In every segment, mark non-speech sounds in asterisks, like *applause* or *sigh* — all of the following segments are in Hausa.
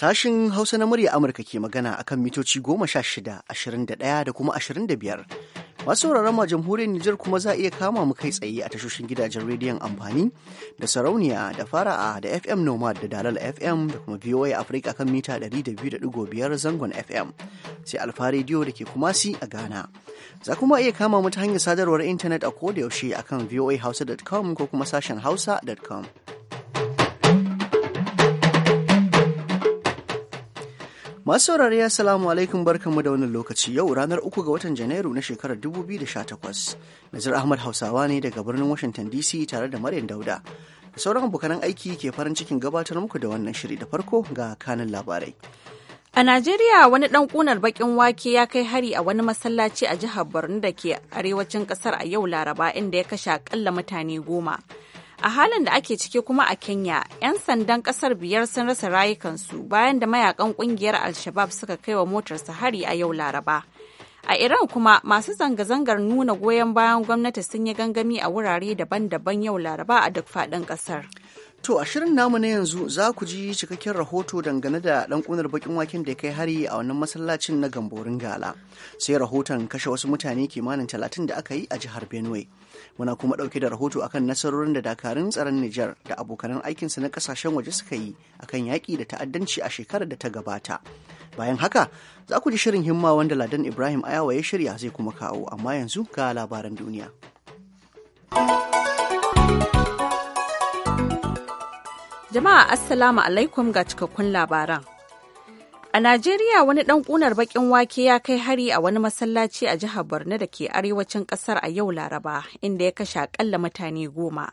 Sashin Hausa na murya Amurka ke magana akan mitoci goma sha shida, ashirin da ɗaya da kuma ashirin da biyar. Masu sauraron ma jamhuriyar Nijar kuma za a iya kama mu kai tsaye a tashoshin gidajen rediyon amfani da sarauniya da fara'a da FM Nomad da Dalal FM da kuma VOA Africa kan mita ɗari da da biyu 200.5 zangon FM sai Alfa Radio da ke kumasi a Ghana. Za kuma iya kama mu ta hanyar sadarwar intanet a yaushe akan voahausa.com ko kuma sashen hausa.com. Masu saurari assalamu alaikum barkanmu da wannan lokaci yau ranar uku ga watan Janairu na shekarar 2018. Nazir Ahmad Hausawa ne daga birnin Washington DC tare da Maryam Dauda. Da sauran abokanan aiki ke farin cikin gabatar muku da wannan shiri da farko ga kanin labarai. A Najeriya wani ɗan kunar baƙin wake ya kai hari a wani masallaci a jihar Borno da ke arewacin Kasar a yau Laraba inda ya kashe akalla mutane goma. a halin da ake ciki kuma a kenya 'yan sandan kasar biyar sun rasa rayukansu bayan da mayakan kungiyar al-shabab suka kai wa motarsa hari a yau laraba a iran kuma masu zanga-zangar nuna goyon bayan gwamnati sun yi gangami a wurare daban-daban yau laraba a duk faɗin ƙasar To a shirin namu na yanzu za ku ji cikakken rahoto dangane da dan kunar bakin waken da ya kai hari a wannan masallacin na gamborin gala. Sai rahoton kashe wasu mutane kimanin talatin da aka yi a jihar Benue. muna kuma ɗauke da rahoto akan nasarorin da dakarun tsaron Nijar da abokan aikinsa na ƙasashen waje suka yi akan yaƙi da ta'addanci a shekarar da ta gabata. Bayan haka, za ku ji shirin himma wanda Ladan Ibrahim Ayawa ya shirya zai kuma kawo, amma yanzu ga labaran duniya. Jama'a Assalamu alaikum ga cikakkun labaran. A Najeriya wani ɗan ƙunar baƙin wake ya kai hari a wani masallaci a jihar Borno da ke arewacin ƙasar a yau Laraba, inda ya kashe aƙalla mutane goma.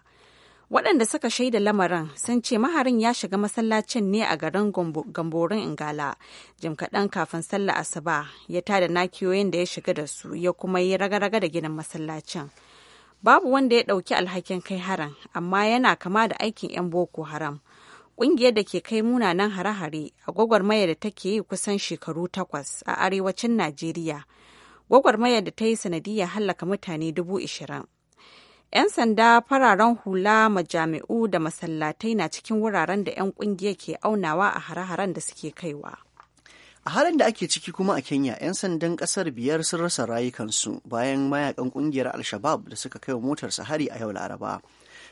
Waɗanda suka shaida lamarin sun ce maharin ya shiga masallacin ne a garin Gamborin Ingala, jim kaɗan kafin sallah asuba ya tada nakiyoyin da ya shiga da su ya kuma yi raga-raga da ginin masallacin. Babu wanda ya ɗauki alhakin kai harin, amma yana kama da aikin 'yan Boko Haram. Ƙungiyar da ke kai munanan hare-hare a gwagwarmaya da take yi kusan shekaru takwas a arewacin Najeriya, gwagwarmaya da ta yi sanadiyya hallaka mutane dubu ishirin. 'Yan sanda fararen hula majami'u da masallatai na cikin wuraren da 'yan ƙungiyar ke aunawa a hare-haren da suke kaiwa. a halin da ake ciki kuma a kenya 'yan sandan kasar biyar sun rasa rayukansu bayan mayakan kungiyar al-shabab da suka kai wa motarsa hari a yau laraba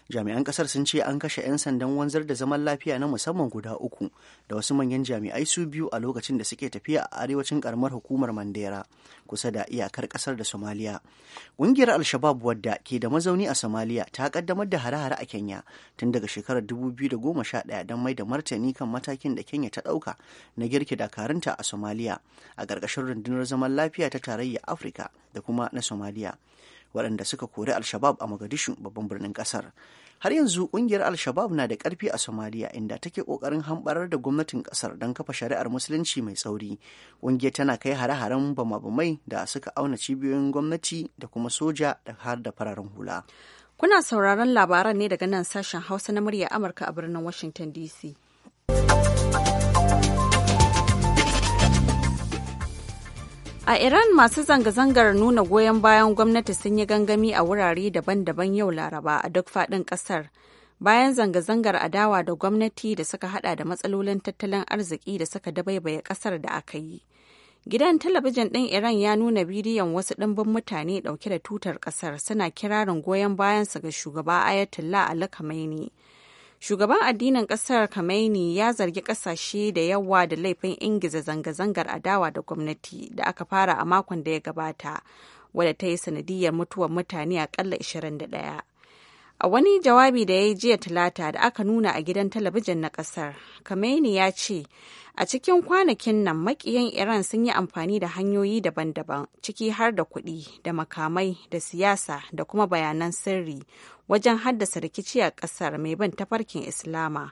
jami'an kasar sun ce an kashe 'yan sandan wanzar da zaman lafiya na musamman guda uku da wasu manyan jami'ai su biyu a lokacin da suke tafiya a arewacin karamar hukumar mandera kusa da iyakar kasar da somaliya ƙungiyar al-shabab wadda ke da mazauni a somaliya ta kaddamar da hare-hare a kenya tun daga shekarar 2011 don mai da martani kan matakin da kenya ta ɗauka na girki dakarunta a somaliya a ƙarƙashin rundunar zaman lafiya ta tarayya afirka da kuma na somaliya waɗanda suka kori al-shabab a mogadishu babban birnin ƙasar har yanzu ƙungiyar al-shabab na da ƙarfi a somaliya inda take ƙoƙarin hambarar da gwamnatin ƙasar don kafa shari'ar musulunci mai tsauri ƙungiyar tana kai hare-haren bama-bamai da suka auna cibiyoyin gwamnati da kuma soja da har da fararen hula kuna sauraron labaran ne daga nan sashen hausa na murya amurka a birnin washington dc A Iran masu zanga-zangar nuna goyon bayan gwamnati sun yi gangami a wurare daban-daban yau Laraba a duk faɗin ƙasar. Bayan zanga-zangar adawa da gwamnati da suka hada da matsalolin tattalin arziki da suka dabaibaye ƙasar da aka yi. Gidan talabijin ɗin Iran ya nuna bidiyon wasu ɗimbin mutane ɗauke da tutar ƙasar suna kirarin goyon bayan su ga shugaba Ayatollah Ali Khamenei. Shugaban addinin ƙasar kameni ya zargi ƙasashe da yawa da laifin ingiza zanga-zangar adawa da gwamnati da aka fara a makon da ya gabata, wadda ta yi sanadiyar mutuwar mutane akalla 21. A wani jawabi da ya yi jiya Talata da aka nuna a gidan talabijin na ƙasar, kameni ya ce, a cikin kwanakin nan makiyan Iran sun yi amfani da hanyoyi daban-daban, ciki har da kuɗi, da makamai, da siyasa, da kuma bayanan sirri, wajen haddasa rikici a ƙasar mai ban tafarkin Islama.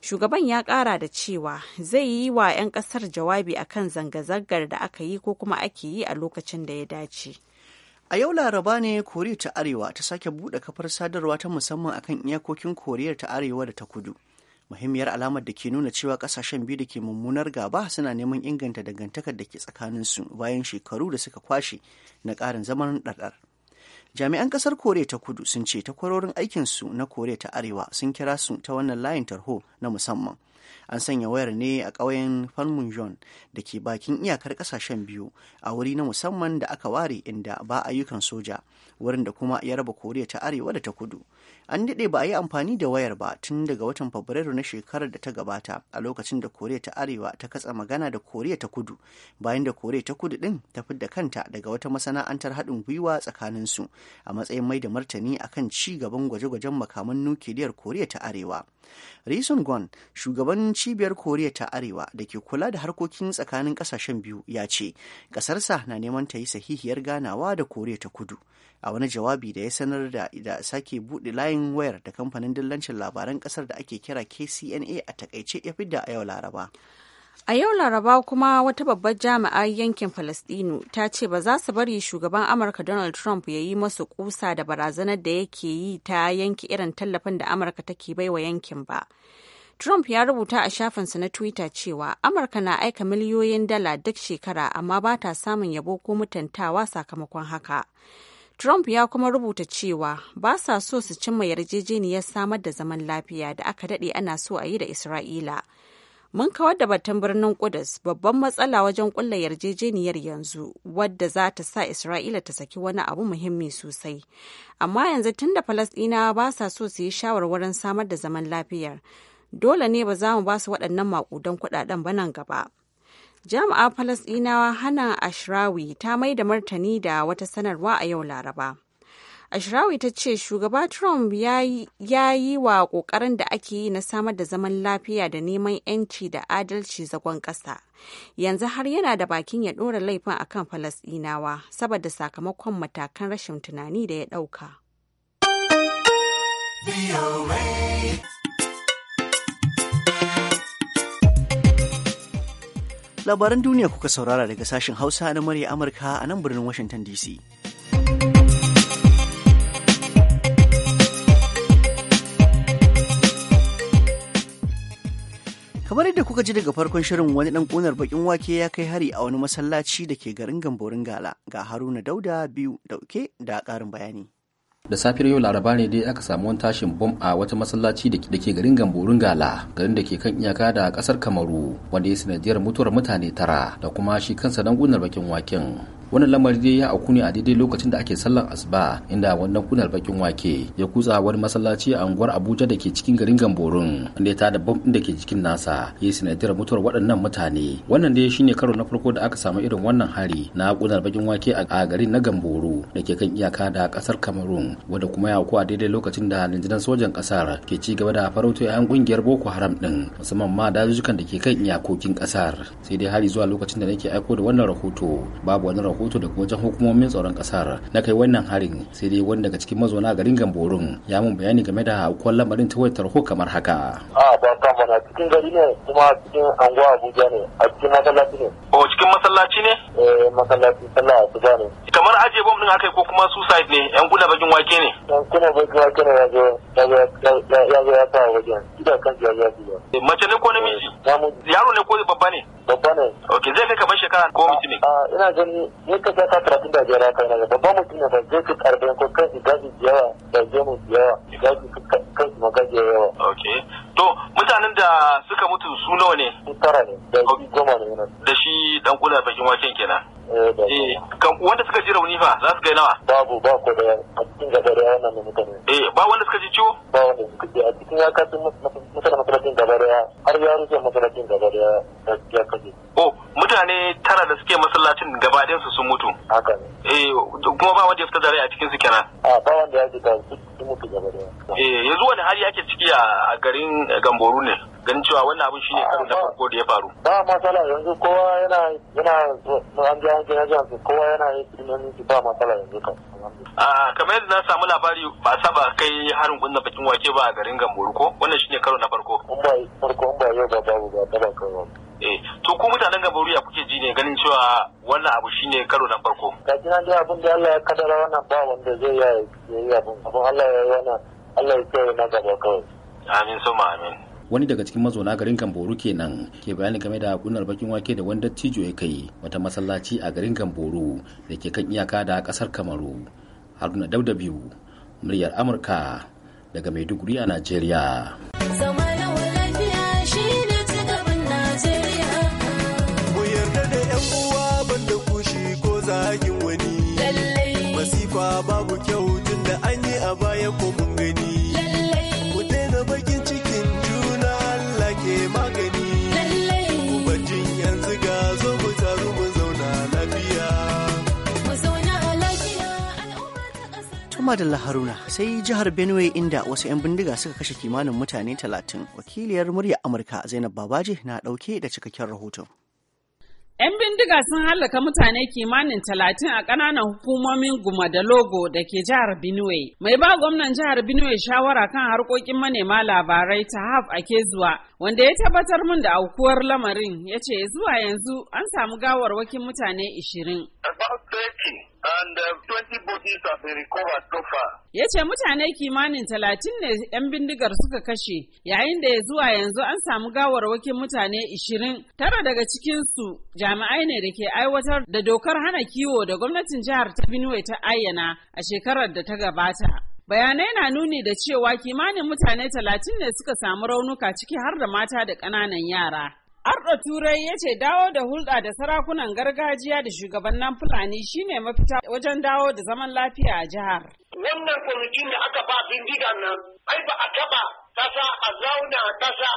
Shugaban ya ƙara da cewa zai yi wa 'yan ƙasar jawabi akan zanga-zangar da aka yi ko kuma ake yi a lokacin da ya dace. A yau Laraba ne Koriya ta Arewa ta sake buɗe kafar sadarwa ta musamman akan iyakokin Koriya ta Arewa da ta Kudu. Muhimmiyar alamar da ke nuna cewa kasashen biyu da ke mummunar gaba suna neman inganta dangantakar da ke su bayan shekaru da suka kwashe na ƙarin zaman ɗarɗar. jami'an kasar koriya ta kudu sun ce takwarorin aikinsu na koriya ta arewa sun kira su ta wannan layin tarho na musamman an sanya wayar ne a ƙauyen falmunjon da ke bakin iyakar ƙasashen biyu a wuri na musamman da aka ware inda ba ayyukan soja wurin da kuma ya raba koriya ta arewa da ta kudu an daɗe ba a yi amfani da wayar ba tun daga watan fabrairu na shekarar da ta gabata a lokacin da koriya ta arewa ta katsa magana da koriya ta kudu bayan da koriya ta kudu ɗin ta da kanta daga wata masana'antar haɗin gwiwa tsakanin su a matsayin mai da martani akan ci gaban gwaje-gwajen makaman nukiliyar koriya ta arewa Ri Sun Gwan, shugaban cibiyar Koriya ta Arewa da ke kula da harkokin tsakanin kasashen biyu ya ce, ƙasarsa na neman ta yi sahihiyar ganawa da Koriya ta Kudu. A wani jawabi da ya sanar da, da sake buɗe layin wayar da kamfanin dillancin labaran ƙasar da ake kira KCNA a takaice ya fidda a yau Laraba. A yau Laraba kuma wata babbar jami'a yankin Falasɗinu ta ce ba za su bari shugaban Amurka Donald Trump ya yi masu kusa da barazanar da yake yi ta yanke irin tallafin da Amurka take baiwa yankin ba. Trump ya rubuta a shafinsa na Twitter cewa Amurka na aika miliyoyin dala duk shekara amma ba ta samun yabo ko mutuntawa sakamakon haka. Trump ya kuma rubuta cewa ba sa so su cimma yarjejeniyar samar da zaman lafiya da aka daɗe ana so a yi da Isra'ila. Mun kawar da batun birnin Kudus babban matsala wajen ƙulla yarjejeniyar yanzu wadda za ta sa Isra'ila ta saki wani abu muhimmi sosai. Amma yanzu tun da Falasɗinawa ba sa so su yi shawarwarin samar da zaman lafiyar, dole ne ba za mu ba su waɗannan maƙudan kuɗaɗen ba nan gaba. Jami'a Falasɗinawa Hana Ashrawi ta mai da martani da wata sanarwa a yau Laraba. Ashrawi ta ce shugaba Trump ya yi wa ƙoƙarin da ake yi na samar da zaman lafiya da neman 'yanci da adalci zagon ƙasa. Yanzu har yana da bakin ya ɗora laifin akan Falasɗinawa saboda sakamakon matakan rashin tunani da ya ɗauka. labaran duniya kuka saurara daga sashen hausa na murya amurka a nan birnin washington dc kamar yadda kuka ji daga farkon shirin wani ɗan kunar bakin wake ya kai hari a wani masallaci da ke garin gamborin gala ga haruna dauda biyu dauke da ƙarin bayani da safiyar yau laraba ne dai aka samu wani tashin bom a wata masallaci da ke garin gamborin gala garin da ke kan iyaka da kasar kamaru wanda ya sanadiyar mutuwar mutane tara da kuma shi kansa dan gunar bakin waken wannan lamari dai ya auku ne a daidai lokacin da ake sallar asuba inda wannan kunar bakin wake ya kutsa wani masallaci a unguwar abuja da ke cikin garin gamborun inda ya tada bam da ke jikin nasa ya yi sanadiyar mutuwar waɗannan mutane wannan dai shine karo na farko da aka samu irin wannan hari na kunar bakin wake a garin na gamboru da ke kan iyaka da kasar cameroon wanda kuma ya auku a daidai lokacin da rundunar sojan kasar ke ci gaba da farauto 'yan kungiyar boko haram din musamman ma dajujukan da ke kan iyakokin ƙasar sai dai hari zuwa lokacin da nake aiko da wannan rahoto babu wani rahoto kotu daga wajen hukumomin tsaron kasar na kai wannan harin sai dai wani daga cikin mazauna garin gamborun ya mun bayani game da aukuwar lamarin ta wayar tarho kamar haka. a ba kama mana cikin gari ne kuma cikin anguwa abuja ne a cikin masallaci ne. o cikin masallaci ne. eh masallaci sallah abuja ne. kamar ajiye bom din aka yi ko kuma suicide ne yan guda bakin wake ne. yan kuna bakin wake ne ya zo ya zo ya sa wajen. Ida kan jiya ya mace ne ko namiji yaro ne ko babba ne babba ne ok zai kai kamar shekara ko mutumin. ina gani ni ka ta talatin da jera ya kai na babban mutum ne ba zai kai arba'in ko kan gaji yawa da gemu yawa gaji kan magaji yawa ok to mutanen da suka mutu su nawa ne tara ne da goma ne da shi dan kula bakin waken kenan Eh, eh, wanda suka ji rauni fa za su kai nawa babu ba ko da a cikin gaba da wannan ne mutane eh ba wanda suka ji ciwo ba wanda suka ji a cikin ya kasu mutane masallacin gaba da har ya rufe masallacin gaba da ya kaje oh mutane tara da suke masallacin gaba su sun mutu haka ne eh kuma ba wanda ya fita da rai a cikin su kenan a ba wanda ya ji ta sun mutu gaba da eh yanzu wani hali ake ciki a garin eh, Gamboru ne ganin cewa wannan abin shine karo na farko da ya faru ba matsala yanzu kowa yana yana an ji an ji jansu kowa yana yi tunanin su ba matsala yanzu kan a kamar yadda na samu labari ba saba kai harin kunna bakin wake ba a garin Gamboru ko wannan shine karo na farko ba farko ba yau ba babu ba ta ba kai Eh, to ku mutanen gaba ya kuke ji ne ganin cewa wannan abu shine karo na farko ga kina dai abin da Allah ya kadara wannan ba wanda zai ya yi abin abin Allah ya yi wannan Allah ya kai na gaba kawai amin suma amin wani daga cikin mazauna garin Kamboru kenan ke bayani game da kunar bakin wake da wanda cijo ya kai wata masallaci a garin kamboru da ke kan iyaka da kasar Kamaru Haruna Dauda biyu muryar Amurka daga Maiduguri a Najeriya. da Laharuna, sai jihar Benue inda wasu 'yan bindiga suka kashe kimanin mutane talatin wakiliyar murya Amurka Zainab Babaje na ɗauke da cikakken rahoton. 'Yan bindiga sun hallaka mutane kimanin talatin a ƙananan hukumomin Guma da Logo da ke jihar Benue. Mai ba gwamnan jihar Benue shawara kan harkokin manema labarai ta Haf zuwa, wanda ya tabbatar min da aukuwar lamarin ya ce zuwa yanzu an samu gawarwakin mutane ishirin. and uh, bodies have been recovered so far. Ya ce mutane kimanin talatin ne 'yan bindigar suka kashe yayin da ya zuwa yanzu an samu gawarwakin mutane ishirin tara daga cikinsu jami'ai ne da ke aiwatar da dokar hana kiwo da gwamnatin jihar ta Benue ta ayyana a shekarar da ta gabata. Bayanai na nuni da cewa kimanin mutane talatin ne suka samu raunuka ciki har da mata da ƙananan yara. Arɗo Turai ya ce dawo da hulɗa da sarakunan gargajiya da shugabannin Fulani shine mafita wajen dawo da zaman lafiya a jihar. Wannan kwamitin da aka ba bindiga nan, ai ba a taɓa ƙasa a zauna ƙasa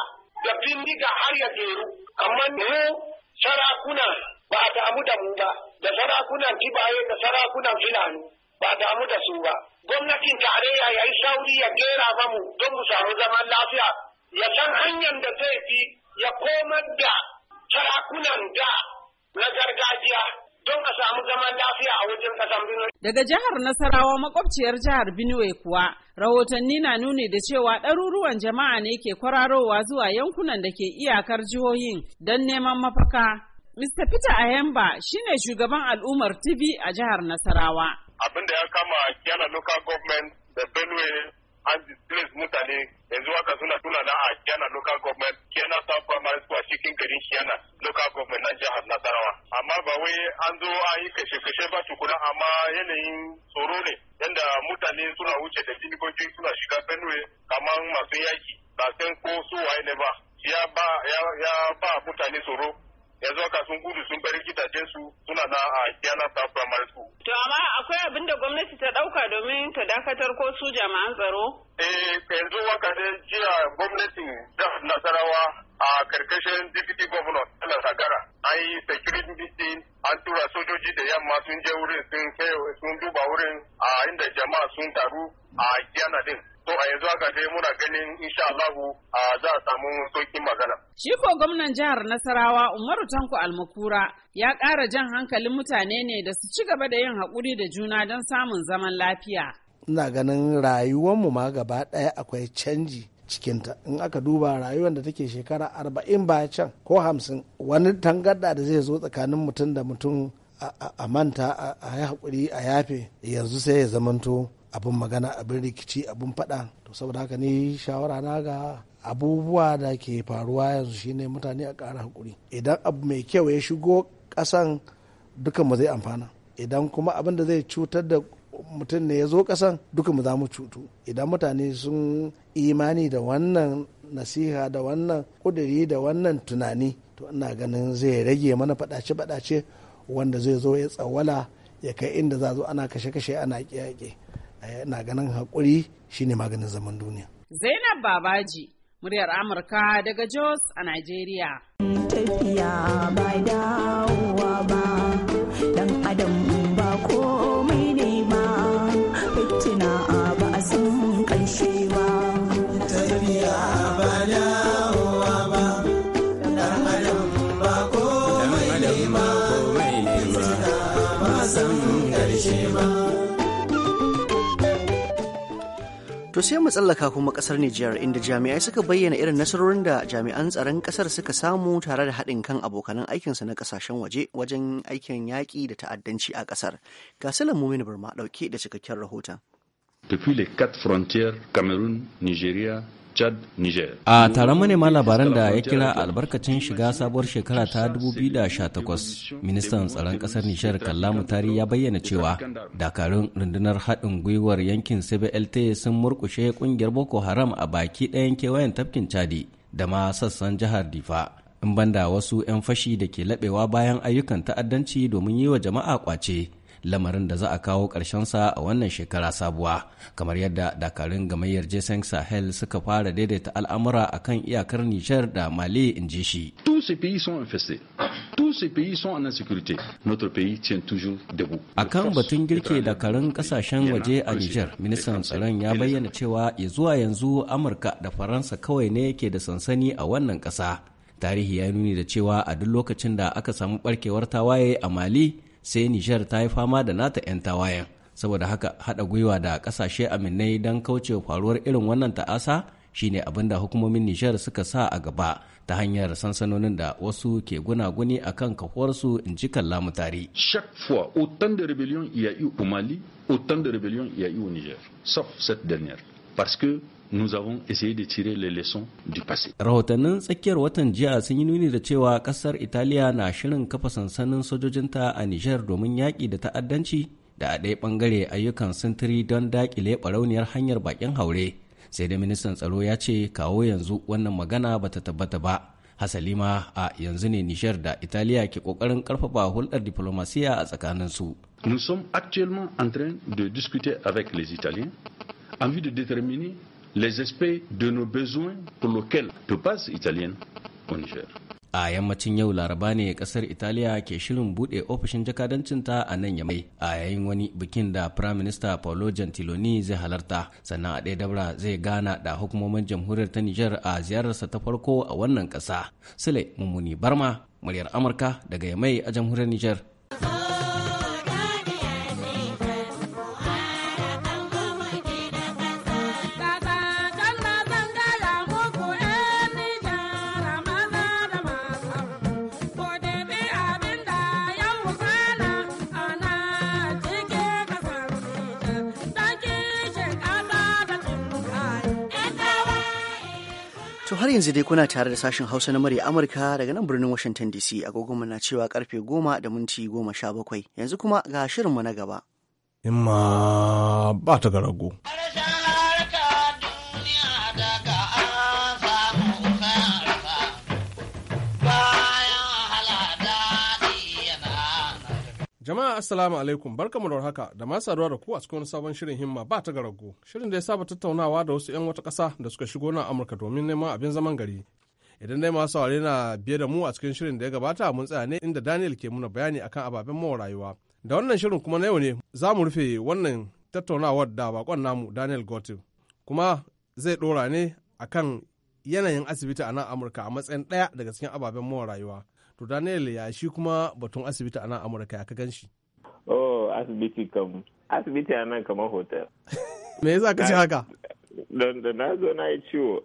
da bindiga har ya jeru, amma mu sarakuna ba a damu da mu ba, da sarakunan kibaye da sarakunan Fulani ba a damu da su ba. Gwamnatin tarayya ya yi sauri ya gera mamu don mu samu zaman lafiya, ya san hanyar da zai fi ya komar da sarakunan da na gargajiya don a samu zaman lafiya a wajen kasan Benue. Daga jihar Nasarawa makwabciyar jihar Benue kuwa rahotanni na nuni da cewa ɗaruruwan jama'a ne ke kwararowa zuwa yankunan da ke iyakar jihohin don neman mafaka. Mr. Peter Ayemba shine shugaban al'ummar TV a jihar Nasarawa. Abin da ya kama Kiana Local Government da Benue an displace mutane yanzu haka suna tuna na a Kiyana local government Kiyana South Primary School a cikin garin Kiyana local government na jihar Nasarawa amma ba wai an zo an yi kashe-kashe ba tukuna amma yanayin tsoro ne yanda mutane suna wuce da jinigogi suna shiga Benue kamar masu yaki ba san ko su waye ne ba ya ba mutane tsoro yanzu haka sun gudu sun bari gidajen su suna na a Diana South Primary School. To amma akwai abin da gwamnati ta dauka domin ta dakatar ko su jama'an tsaro? Eh yanzu haka dai jiya gwamnatin da Nasarawa a karkashin deputy governor Allah Sagara an yi security meeting an tura sojoji da yamma sun je wurin sun sun duba wurin a inda jama'a sun taru a yana din to a yanzu aka dai muna ganin insha Allah za a samu sokin magana shiko gwamnan jihar Nasarawa Umaru Tanko Almakura ya ƙara jan hankalin mutane ne da su ci gaba da yin haƙuri da juna don samun zaman lafiya ina ganin rayuwarmu ma gaba ɗaya akwai canji cikinta in aka duba rayuwar da take shekara arba'in ba can ko hamsin wani tangarda da zai zo tsakanin mutum da mutum a manta a yi haƙuri a yafe yanzu sai ya zamanto abin magana abin rikici abin faɗa to saboda haka ni shawara na ga abubuwa da ke faruwa yanzu shine mutane a ƙara haƙuri idan abu mai kyau ya shigo ƙasan dukan mu zai amfana idan kuma abin da zai cutar da mutum ne ya zo kasan duka mu za mu cutu idan mutane sun imani da wannan nasiha da wannan kuduri da wannan tunani to ina ganin zai rage mana faɗace-faɗace wanda zai zo ya tsawala ya kai inda za zo ana kashe-kashe ana yaƙe eh, ina ganin haƙuri shine maganin zaman duniya zainab babaji muryar amurka daga jos a nigeria tafiya ba dawowa ba dan adam ba komai ne To sai mu tsallaka kuma kasar Nijiyar inda jami'ai suka bayyana irin nasarorin da jami'an tsaron kasar suka samu tare da haɗin kan abokanan aikinsa na kasashen waje wajen aikin yaƙi da ta'addanci a kasar. Ga Salam Mumin Burma ɗauke da cikakken rahoton. Depuis les quatre frontières, Cameroun, Nigeria, Chad, Niger. A taron manema labaran da ya kira albarkacin shiga sabuwar shekara ta 2018, ministan tsaron kasar Nishar Kallamu Tari ya bayyana cewa dakarun rundunar haɗin gwiwar yankin CBLT sun murkushe ƙungiyar Boko Haram a baki ɗayan kewayen tafkin Chadi da ma sassan jihar Difa. In banda wasu 'yan fashi da ke laɓewa bayan ayyukan ta'addanci domin yi wa jama'a kwace lamarin da za a kawo sa a wannan shekara sabuwa kamar yadda dakarun gamayyar jason sahel suka fara daidaita al'amura a kan iyakar nijar da mali in ji shi a kan batun girke dakarun kasashen waje a nijar ministan tsaron ya bayyana cewa ya zuwa yanzu amurka da faransa kawai ne ke da sansani a wannan ƙasa tarihi ya nuni da cewa a duk lokacin da aka samu barkewar tawaye a mali sai Nijar ta yi fama da nata 'yan tawayen. Saboda haka haɗa gwiwa da ƙasashe aminai don kauce faruwar irin wannan ta'asa shine abin da hukumomin Nijar suka sa a gaba ta hanyar sansanonin da wasu ke gunaguni a kan kafuwarsu in ji kalla tari. Chaque fois, autant de il y a Mali, autant de il y a eu au Niger, sauf parce que nous avons essayé de tirer les leçons du passé. Rahotannin tsakiyar watan jiya sun yi nuni da cewa kasar Italiya na shirin kafa sansanin sojojinta a Niger domin yaƙi da ta'addanci da a ɗaya ɓangare ayyukan sintiri don daƙile ɓarauniyar hanyar bakin haure. Sai da ministan tsaro ya ce kawo yanzu wannan magana bata tabbata ba. Hasali ma a yanzu ne Niger da Italiya ke ƙoƙarin ƙarfafa hulɗar diplomasiya a tsakaninsu. Nous sommes actuellement en train de discuter avec les Italiens en vue de déterminer les aspects de nos besoins pour lesquels de base italienne au Niger. a yammacin yau laraba ne kasar italiya ke shirin bude ofishin jakadancinta a nan yamai a yayin wani bikin da prime minister paolo gentiloni zai halarta sannan a ɗaya dabra zai gana da hukumomin jamhuriyar ta nijar a ziyararsa ta farko a wannan ƙasa sule mummuni barma muryar amurka daga yamai a jamhuriyar nijar. yanzu dai kuna tare da sashen Hausa na murya Amurka daga nan birnin Washington DC mu na cewa karfe goma da minti goma sha bakwai yanzu kuma ga shirinmu na gaba. Imma ba ta garago. Jama'a Assalamu alaikum barkamu da haka da masu saduwa da ku a cikin sabon shirin himma ba ta garago. Shirin da ya saba tattaunawa da wasu 'yan wata ƙasa da suka shigo na Amurka domin neman abin zaman gari. Idan dai masu saurare na biye da mu a cikin shirin da ya gabata mun tsaya ne inda Daniel ke muna bayani akan ababen mawa rayuwa. Da wannan shirin kuma na yau ne za mu rufe wannan tattaunawar da bakon namu Daniel Gotin. Kuma zai dora ne akan yanayin asibiti a nan Amurka a matsayin ɗaya daga cikin ababen mawa rayuwa. to daniel ya shi kuma batun asibiti a nan amurka ya ka gan shi oh asibiti kam asibiti a nan kamar hotel me yasa ka ce haka don da na zo na yi ciwo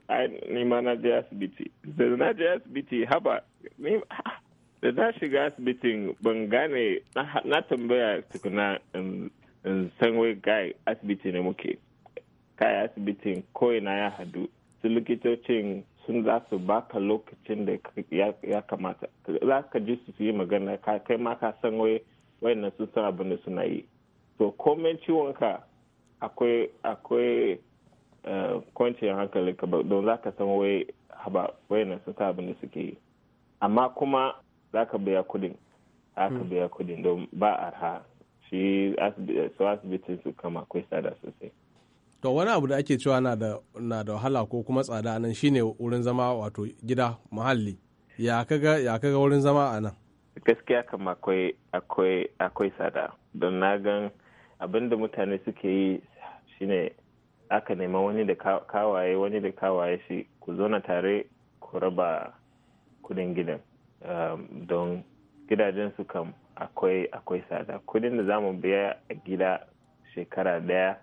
ni ma na je asibiti da na je asibiti haba da na shiga asibitin ban gane na tambaya tukuna in san wai gai asibiti ne muke kai asibitin ko ina ya hadu su likitocin sun za su baka lokacin da ya kamata za ka ji su yi magana kai ma ka san wai wayannan sun san abin da suna yi to komen ka akwai akwai eh, kwanciyar hankali ka don za ka san wai haba wayannan sun san abin da suke yi amma kuma za ka biya kudin za ka hmm. biya kudin don ba arha shi asibitin su kama akwai tsada sosai to wani abu da ake cewa na da wahala ko kuma tsada nan shine wurin zama wato gida muhalli ya kaga ya wurin zama a nan gaskiya kam akwai akwai akwai tsada don na gan abinda mutane suke yi shine aka nema wani da kawaye wani da kawaye shi ku na tare ku raba kudin gidan don gidajen su kam akwai akwai tsada kudin da zamu biya a gida shekara daya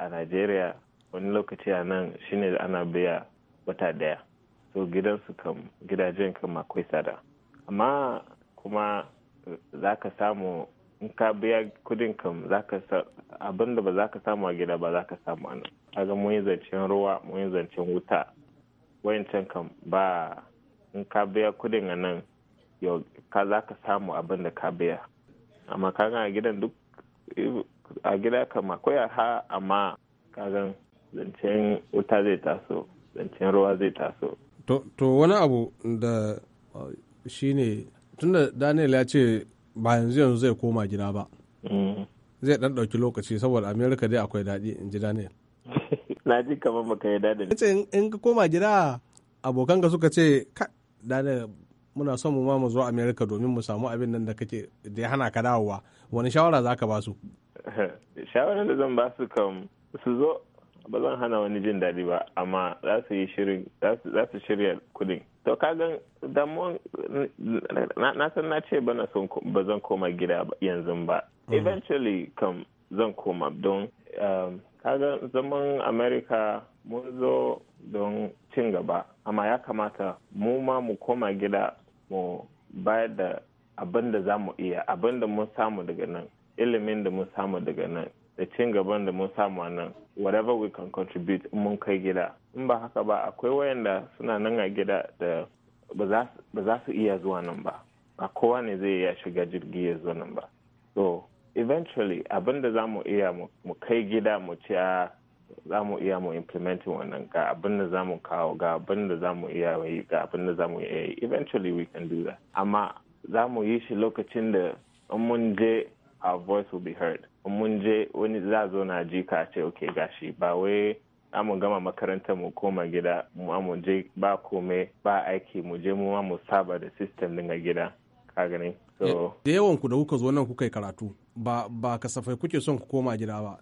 a najeriya wani lokaci a nan shine ana biya wata daya so gidansu kam gidajen kam akwai tsada amma kuma za ka samu in ka biya kudin kam abin da ba za ka samu a gida ba za ka samu a nan kaga mun yi zancen ruwa mun yi zancen wuta wayancan kam ba in ka biya kudin a nan yau ka za ka samu abin da ka biya amma kaga a gidan duk a gida kama ya ha amma kagan zancen wuta zai taso zancen ruwa zai taso to wani abu da uh, shi ne tunda daniel ya ce ba yanzu yanzu zai koma gida ba mm. zai dan dauki lokaci saboda amerika dai akwai daɗi in ji daniel *laughs* na ji kamar baka yi daɗi ne in ka koma gida abokanka suka ce daniel muna son mu ma mu zo amerika domin mu samu abin nan da kake da ya hana ka dawowa wani shawara za ka ba su *laughs* shawarar da zan ba su kam su zo ba zan hana wani jin daɗi ba amma za su yi shirin za su shirya kudin to kagan damuwan na san na ce bana son ba zan koma gida yanzu ba mm. eventually kam zan koma don um, kagan zaman america mun zo don cin gaba amma ya kamata mu ma mu koma gida mu bayar da abin da za mu iya abin da mun samu daga nan ilimin da mun samu daga nan da cin gaban da mun samu a nan whatever we can contribute mun kai gida in ba haka ba akwai wayanda suna nan a gida da ba za su iya zuwa nan ba a kowa ne zai iya shiga jirgi ya zuwa nan ba so eventually abin da za mu iya mu kai gida mu ci a za mu iya mu implement wannan ga abin da za mu kawo ga abin da za mu iya yi ga abin da za mu iya yi eventually we can do that amma za mu yi shi lokacin da in mun je our voice will be heard mun je wani za zo na ji ka ce ok gashi ba wai mu gama makarantar mu koma gida mu je ba kome ba aiki mu je mu mu saba da system din gida ka gani so eh, da yawan ku da kuka zo nan kuka yi karatu ba ba kasafai kuke son ku koma gida ba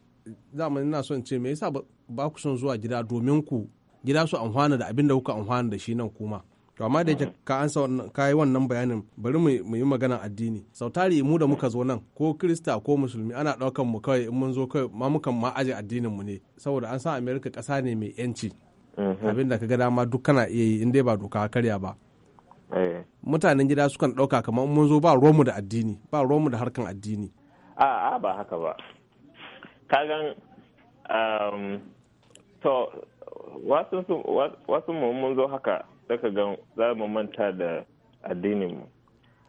zamani na son ce me yasa ba ku son zuwa gida domin ku gida su amfana da abin da kuka amfana da shi nan kuma to amma da yake mm. ka an ka yi wannan bayanin bari mu yi magana addini sautari mu da muka zo nan ko krista ko musulmi ana ɗaukan mu kawai in mun zo kawai ma mukan ma aje addinin mu ne saboda an san america ƙasa ne mai yanci mm-hmm. abin da ka ga dama duk kana iya yi in dai ba doka karya ba eh. mutanen gida sukan ɗauka kamar mun zo ba romu da addini ba romu da harkan addini a'a ba haka ba gan um, to wasu mun zo haka daga ga za mu manta da addininmu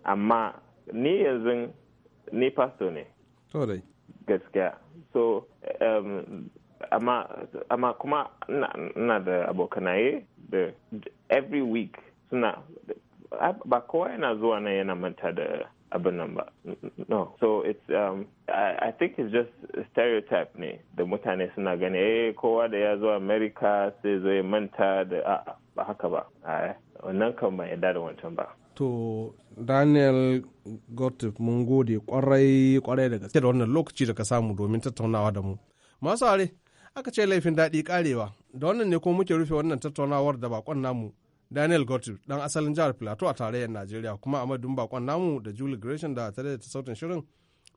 amma ni yanzu ni pasto ne oh, gaskiya so um, amma kuma ina da abokanaye da every week suna ba kowa yana zuwa nan yana manta da abin nan ba no so it's um, I, I think it's just a stereotype ne da mutane suna gani eh kowa da ya zo america sai zo ya manta da ba haka ba wannan kan ba yadda da wancan ba to daniel gottlieb mun gode kwarai kwarai da gaske da wannan lokaci da ka samu domin tattaunawa da mu masu are aka ce laifin daɗi karewa da wannan ne ko muke rufe wannan tattaunawar da bakon namu daniel gottlieb dan asalin jihar plateau a tarayyar najeriya kuma amadun bakon namu da juli gresham da tare da ta sautin shirin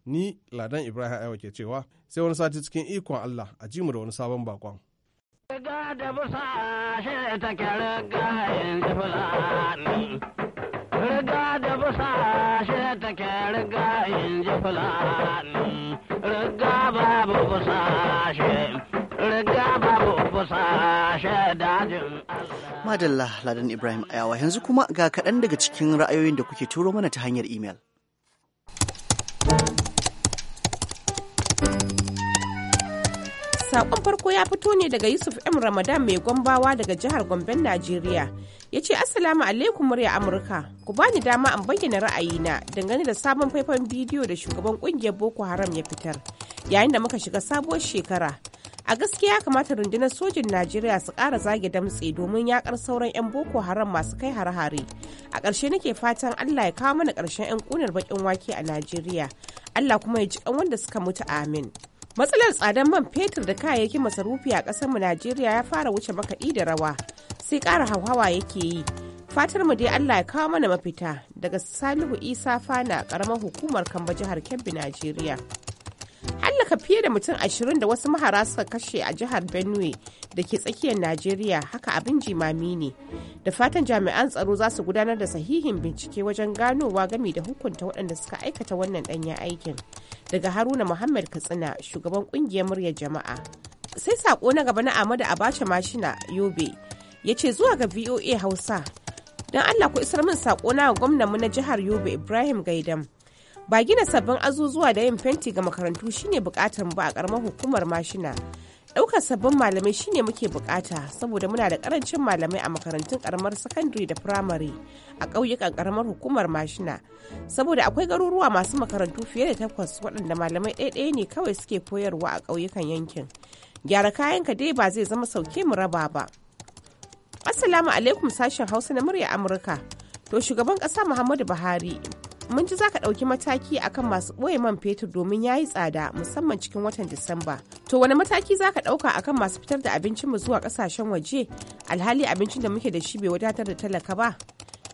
ni ladan ibrahim aiwa ke cewa sai wani sati cikin ikon allah a ji mu da wani sabon bakon Riga da busa shi Riga da busa shi Riga babu busa Madalla Ladan Ibrahim Ayawa yanzu kuma ga kaɗan daga cikin ra'ayoyin da kuke turo mana ta hanyar imel. Sakon farko ya fito ne daga Yusuf M. Ramadan mai gwambawa daga jihar Gomben, Najeriya. Ya ce Assalamu alaikum murya Amurka, ku bani dama an bayyana ra'ayina dangane da sabon faifan bidiyo da shugaban ƙungiyar Boko Haram ya fitar, yayin da muka shiga sabuwar shekara. a gaskiya kamata rundunar sojin najeriya su ƙara zage damtse domin yakar sauran 'yan boko haram masu kai har hare a ƙarshe nake fatan allah ya kawo mana ƙarshen 'yan ƙunar baƙin wake a najeriya allah kuma ya ji wanda suka mutu amin matsalar tsadar man fetur da kayayyakin masarufi a mu najeriya ya fara wuce makaɗi da rawa sai ƙara hauhawa yake yi fatar mu dai allah ya kawo mana mafita daga salihu isa fana ƙaramar hukumar kamba jihar kebbi najeriya haka fiye da mutum ashirin da wasu mahara suka kashe a jihar benue da ke tsakiyar najeriya haka abin jimami ne da fatan jami'an tsaro za su gudanar da sahihin bincike wajen ganowa gami da hukunta waɗanda suka aikata wannan ɗanyen aikin daga haruna muhammad katsina shugaban ƙungiyar muryar jama'a sai sako na gaba na amadu abacha mashina yobe ya ce zuwa ga voa hausa don allah ku isar min sako na gwamnanmu na jihar yobe ibrahim gaidam ba gina sabbin azuzuwa da yin fenti ga makarantu shine bukatar mu ba a karamar hukumar mashina ɗaukar sabbin malamai shine muke bukata saboda muna da karancin malamai a makarantun karamar sakandare da firamare a ƙauyukan karamar hukumar mashina saboda akwai garuruwa masu makarantu fiye da takwas waɗanda malamai ɗaya ɗaya ne kawai suke koyarwa a ƙauyukan yankin gyara kayan ka dai ba zai zama sauke mu raba ba assalamu alaikum sashen hausa na murya amurka to shugaban ƙasa muhammadu buhari mun ji zaka ka ɗauki mataki akan masu ɓoye man fetur domin ya yi tsada musamman cikin watan Disamba. To wani mataki za ka ɗauka akan masu fitar da abincin mu zuwa ƙasashen waje alhali abincin da muke da shi bai wadatar da talaka ba?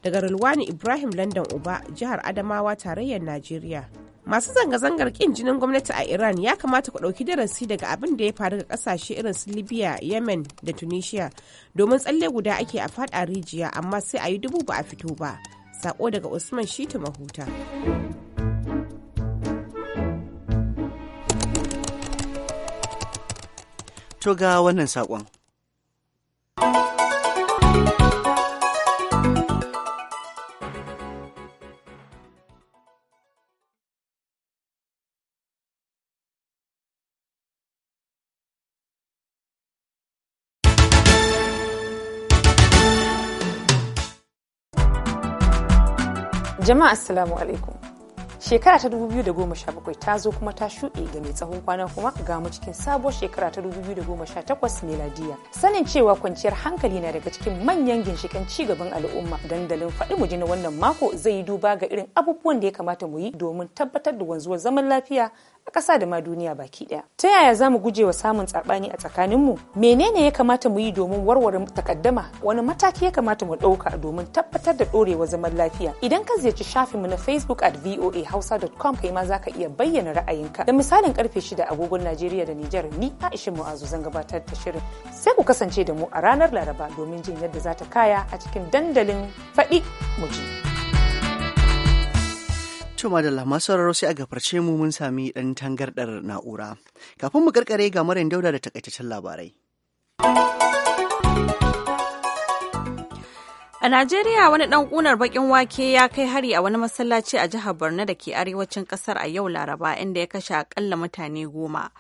Daga Rulwani Ibrahim London Uba, jihar Adamawa, tarayyar Najeriya. Masu zanga-zangar ƙin jinin gwamnati a Iran ya kamata ku ɗauki darasi daga abin da ya faru ga ƙasashe irin su Libya, Yemen da Tunisia domin tsalle guda ake a faɗa rijiya amma sai a yi dubu ba a fito ba. Sako daga Usman Shitu Mahuta. To ga wannan saƙon. Jama'a assalamu alaikum. Shekara ta 2017 ta zo kuma ta shuɗe ga mai tsawon kwana kuma ga mu cikin sabuwar shekara ta 2018 meladiya. Sanin cewa kwanciyar hankali na daga cikin manyan ginshikan gaban al'umma dandalin faɗi mu na wannan mako zai yi duba ga irin abubuwan da ya kamata mu yi domin tabbatar da wanzuwar zaman lafiya a ƙasa da ma duniya baki ɗaya. Ta yaya za mu guje wa samun tsabani a tsakaninmu? Menene ya kamata mu yi domin warware takaddama? Wani mataki ya kamata mu ɗauka domin tabbatar da ɗorewa zaman lafiya? Idan ka ziyarci shafinmu na Facebook at VOA voahausa.com kai ma za ka iya bayyana ra'ayinka. Da misalin karfe shida agogon Najeriya da Nijar ni Aisha Mu'azu zan gabatar da shirin. Sai ku kasance da mu a ranar Laraba domin jin yadda za ta kaya a cikin dandalin faɗi mu ji. To madalla masu sauraro sai a gafarce mu mun sami ɗan tangardar na'ura. Kafin mu karkare ga Maryam Dauda da takaitaccen labarai. A Najeriya wani ɗan ƙunar baƙin wake ya kai hari a wani masallaci a jihar Borno da ke arewacin ƙasar a yau Laraba inda ya kashe akalla mutane goma.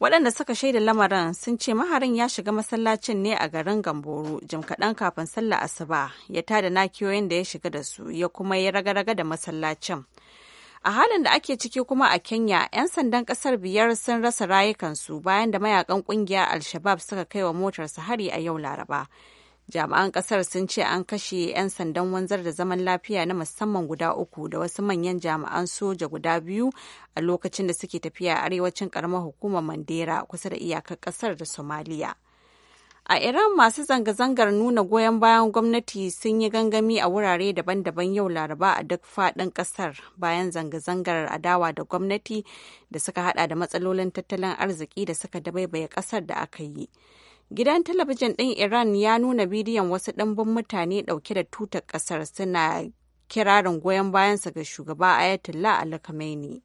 Waɗanda suka shaida lamarin sun ce maharin ya shiga masallacin ne a garin Gamboru jim kaɗan kafin sallah asuba ya tada nakiyoyin da ya shiga da su ya kuma ya raga-raga da masallacin. a halin da ake ciki kuma a kenya 'yan sandan kasar biyar sun rasa rayukansu bayan da mayakan kungiyar al-shabab suka kai wa motarsa hari a yau laraba jami'an kasar sun ce an kashe 'yan sandan wanzar da zaman lafiya na musamman guda uku da wasu manyan jami'an soja guda biyu a lokacin da suke tafiya arewacin karamar hukumar mandera kusa da iyakar kasar da somaliya A Iran masu zanga-zangar nuna goyon bayan gwamnati sun yi gangami a wurare daban-daban yau Laraba a duk faɗin ƙasar bayan zanga-zangar adawa da gwamnati da suka hada da matsalolin tattalin arziki da suka dabaibaye ƙasar da aka yi. Gidan talabijin ɗin Iran ya nuna bidiyon wasu ɗimbin mutane ɗauke da tutar ƙasar suna kirarin goyon bayansa ga shugaba Ayatollah Ali Khamenei.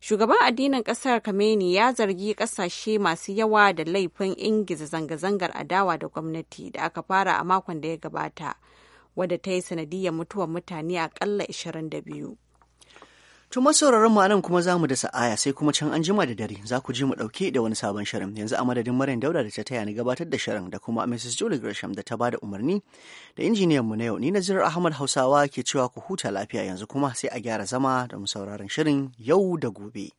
Shugaban addinin ƙasar Kameni ya zargi ƙasashe masu yawa da laifin ingiza zanga-zangar adawa da gwamnati da aka fara a makon da ya gabata, wadda ta yi sanadiyar mutuwar mutane akalla 22. To masauraran mu anan kuma zamu da sa'aya sai kuma can an jima da dare za ku ji mu dauke da wani sabon shirin yanzu a madadin Maryam Dauda da ta taya ni gabatar da shirin da kuma Mrs Julie Gresham da ta bada umarni da injiniyan mu na yau ni Nazir Ahmad Hausawa ke cewa ku huta lafiya yanzu kuma sai a gyara zama da mu sauraron shirin yau da gobe.